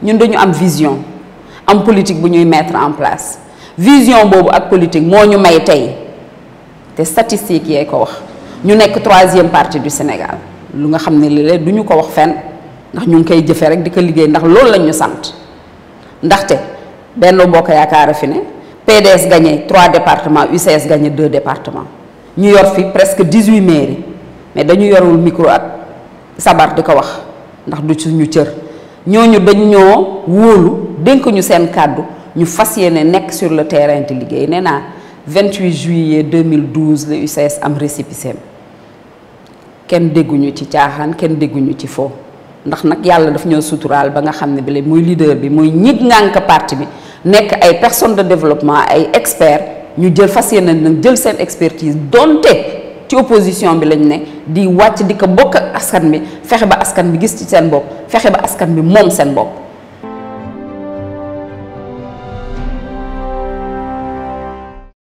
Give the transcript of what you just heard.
Nous avons une vision une politique bu mettre en place vision et la politique Nous ñu may C'est te statistique Nous ko sommes troisième partie du Sénégal Ce nga vous ne nous ne Nous avons ko wax fenn ndax ñu ngi koy des rek di ko a PDS gagné trois départements UCS gagné deux départements New York fi presque 18 mairies mais dañu le micro à sabar de. wax ndax ñoñu dañ ñoo wolu dénk ñu seen cadeau ñu fassiyene sur le terrain di liguey 28 juillet 2012 le UCS am récépissé kenn dégguñu ci caaxaan kenn dégguñu ci fo ndax nak yalla daf ñoo sutural ba nga xamné ne bi moy leader bi personnes de développement ay experts ñu jël expertise donté ci opposition bi di wàcc di ko bokk ak askan bi fexe ba askan bi gis ci seen bopp fexe ba askan bi moom seen bopp